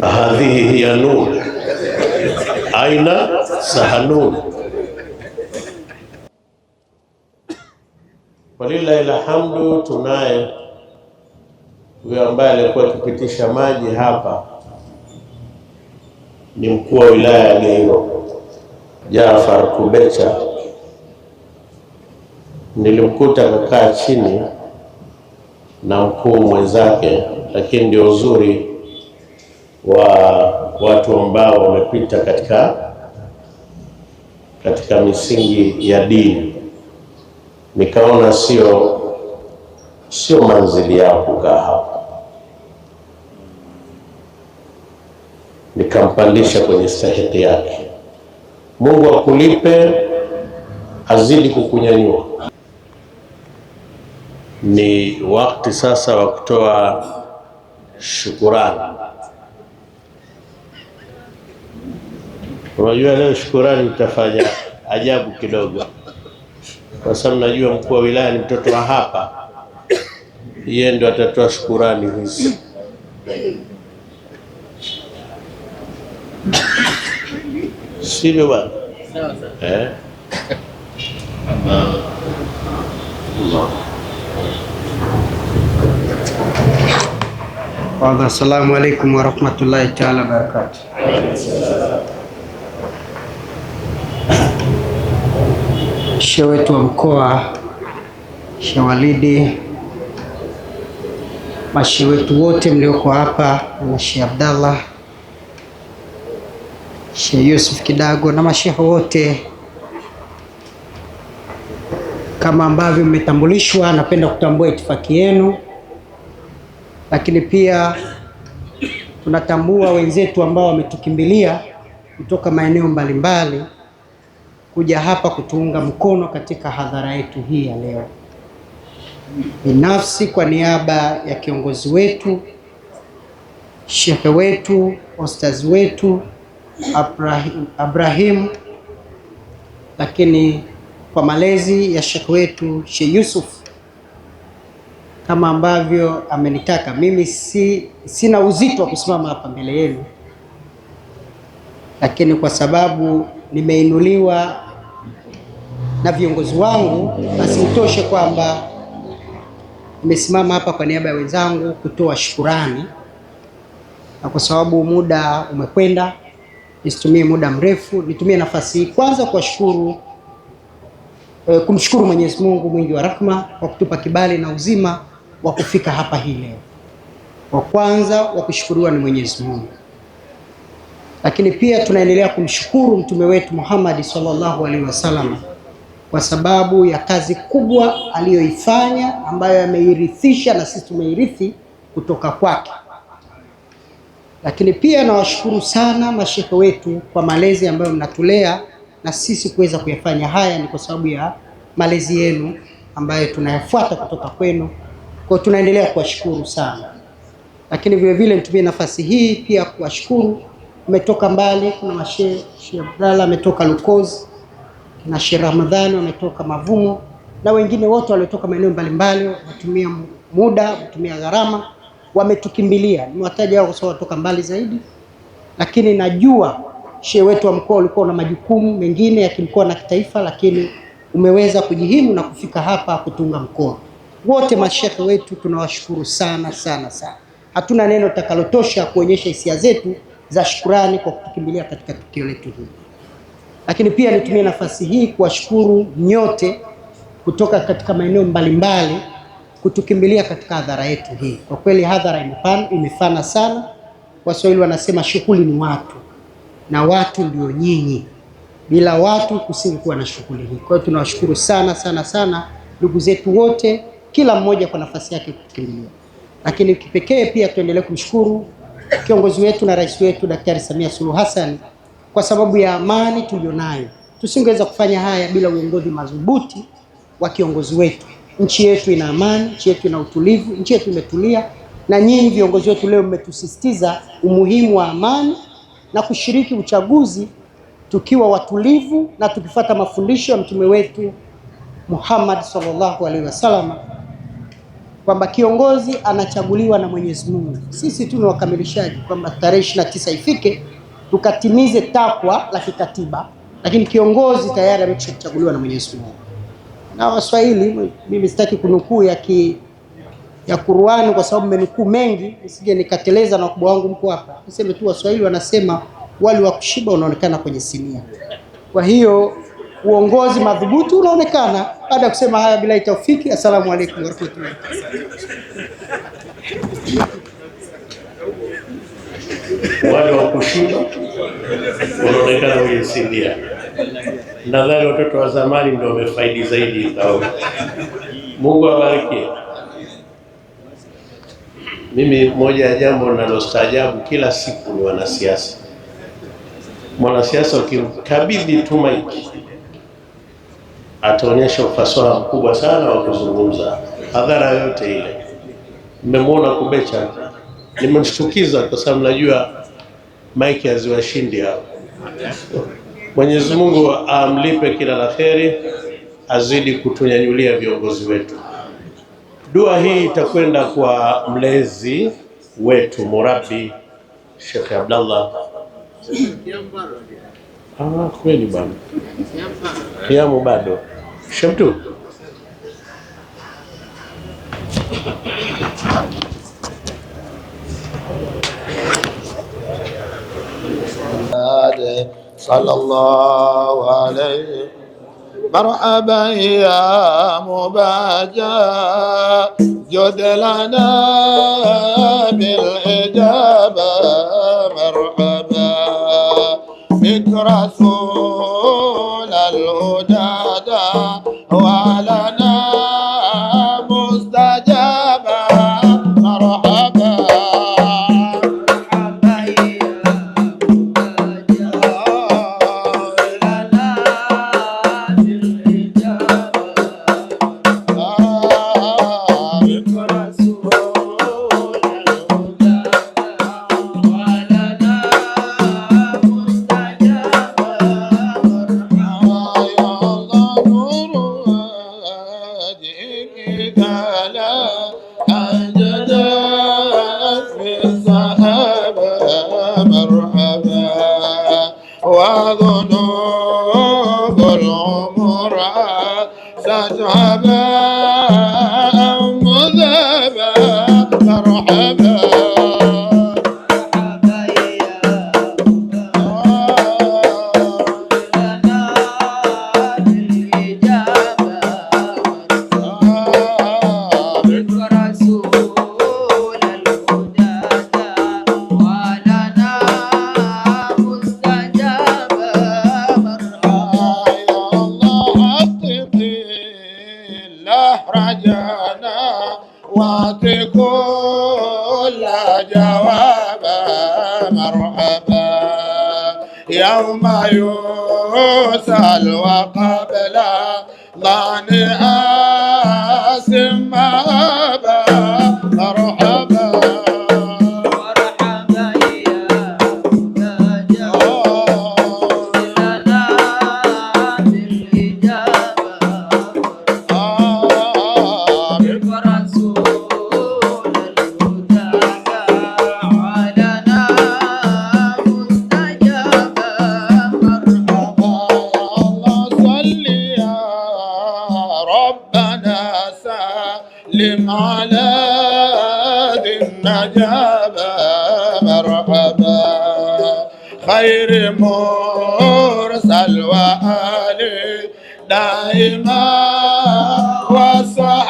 Hadhihi ya Nuh aina Sahanun. Walillahi alhamdu, tunaye huyo ambaye alikuwa akipitisha maji hapa, ni mkuu wa wilaya ya Geiro Jafar Kubecha, nilimkuta kakaa chini na mkuu mwenzake, lakini ndio uzuri wa watu ambao wamepita katika katika misingi ya dini. Nikaona sio sio manzili yao kukaa hapa, nikampandisha kwenye stahiki yake. Mungu akulipe, azidi kukunyanyua. Ni wakati sasa wa kutoa shukurani. Unajua, leo shukurani utafanya ajabu kidogo, kwa sababu najua mkuu wa wilaya ni mtoto wa hapa, yeye ndo atatoa shukurani hizi. Sivyo bwana? Eh? Father, assalamu alaikum warahmatullahi taala wabarakatu. Shehe wetu wa mkoa, Shehe Walidi, mashehe wetu wote mlioko hapa na Shehe Abdallah, Shehe Yusuf Kidago na mashehe wote, kama ambavyo mmetambulishwa, napenda kutambua itifaki yenu lakini pia tunatambua wenzetu ambao wametukimbilia kutoka maeneo mbalimbali kuja hapa kutuunga mkono katika hadhara yetu hii ya leo. Binafsi kwa niaba ya kiongozi wetu, shehe wetu, ostaz wetu Abrahim, lakini kwa malezi ya shehe wetu Sheikh Yusuf kama ambavyo amenitaka mimi. Si, sina uzito wa kusimama hapa mbele yenu, lakini kwa sababu nimeinuliwa na viongozi wangu, basi itoshe kwamba nimesimama hapa kwa niaba ya wenzangu kutoa shukurani, na kwa sababu muda umekwenda nisitumie muda mrefu, nitumie nafasi hii kwanza kuwashukuru eh, kumshukuru Mwenyezi Mungu mwingi wa rahma kwa kutupa kibali na uzima wa kufika hapa hii leo. Wa kwanza wa kushukuriwa ni Mwenyezi Mungu, lakini pia tunaendelea kumshukuru mtume wetu Muhammad sallallahu alaihi wasallam kwa sababu ya kazi kubwa aliyoifanya ambayo ameirithisha na sisi tumeirithi kutoka kwake. Lakini pia nawashukuru sana mashehe wetu kwa malezi ambayo mnatulea na sisi kuweza kuyafanya haya, ni kwa sababu ya malezi yenu ambayo tunayafuata kutoka kwenu. Kwa tunaendelea kuwashukuru sana, lakini vile vile nitumie nafasi hii pia kuwashukuru, umetoka mbali. Kuna mashehe, Sheikh Abdalla ametoka Lukozi na Sheikh Ramadhani wametoka Mavumo na wengine wote waliotoka maeneo mbalimbali, watumia muda, watumia gharama, wametukimbilia. Nimewataja hao kwa sababu watoka mbali zaidi, lakini najua shehe wetu wa mkoa ulikuwa na majukumu mengine ya kimkoa na kitaifa, lakini umeweza kujihimu na kufika hapa kutunga mkoa. Wote mashekhe wetu tunawashukuru sana sana sana, hatuna neno takalotosha kuonyesha hisia zetu za shukurani kwa kutukimbilia katika tukio letu hili. Lakini pia nitumie nafasi hii kuwashukuru nyote kutoka katika maeneo mbalimbali kutukimbilia katika hadhara yetu hii. Kwa kweli hadhara imefana sana. Waswahili wanasema shughuli ni watu na watu ndio nyinyi, bila watu kusingekuwa na shughuli hii. Kwa hiyo tunawashukuru sana sana sana ndugu zetu wote kila mmoja kwa nafasi yake kukimbilia. Lakini kipekee pia tuendelee kumshukuru kiongozi wetu na rais wetu Daktari Samia Suluhu Hassan kwa sababu ya amani tulionayo. Tusingeweza kufanya haya bila uongozi madhubuti wa kiongozi wetu. Nchi yetu ina amani, nchi yetu ina utulivu, nchi yetu imetulia, na nyinyi viongozi wetu leo mmetusisitiza umuhimu wa amani na kushiriki uchaguzi tukiwa watulivu na tukifuata mafundisho ya mtume wetu Muhammad sallallahu alaihi wasallam kwamba kiongozi anachaguliwa na Mwenyezi Mungu. Sisi tu ni wakamilishaji, kwamba tarehe ishirini na tisa ifike tukatimize takwa la kikatiba, lakini kiongozi tayari amekwisha na Mwenyezi Mungu. Na Waswahili, mimi sitaki kunukuu ya ki, ya Qur'ani kwa sababu mmenukuu mengi, nisije nikateleza na wakubwa wangu mko hapa. Niseme tu Waswahili wanasema wali wa kushiba unaonekana kwenye sinia. Kwa hiyo uongozi madhubuti unaonekana. Baada ya kusema haya, bila taufiki, assalamu alaikum warahmatullahi wale wa kushuka wanaonekana wenye sindia. Nadhani watoto wa zamani ndio wamefaidi zaidi kao. Mungu awabariki. Mimi moja ya jambo nalostaajabu kila siku ni wanasiasa. Mwanasiasa ukimkabidhi tu maiki ataonyesha ufasaha mkubwa sana wa kuzungumza hadhara yote ile. Mmemwona Kubecha, nimemshtukiza kwa sababu najua maiki haziwashindi hao. Mwenyezi Mungu amlipe kila la kheri, azidi kutunyanyulia viongozi wetu. Dua hii itakwenda kwa mlezi wetu murabi Sheikh Abdallah ah, kweli bwana kiamu bado شمتو صلى الله عليه مرحبا يا مباجا جد لنا بالهجاب Adonai Shalom Rab Shalom الله رجانا واعطي كل جواب مرحبا يوم يسأل وقبل مانع acabe merhaba Hayri mursel ve ali daima ve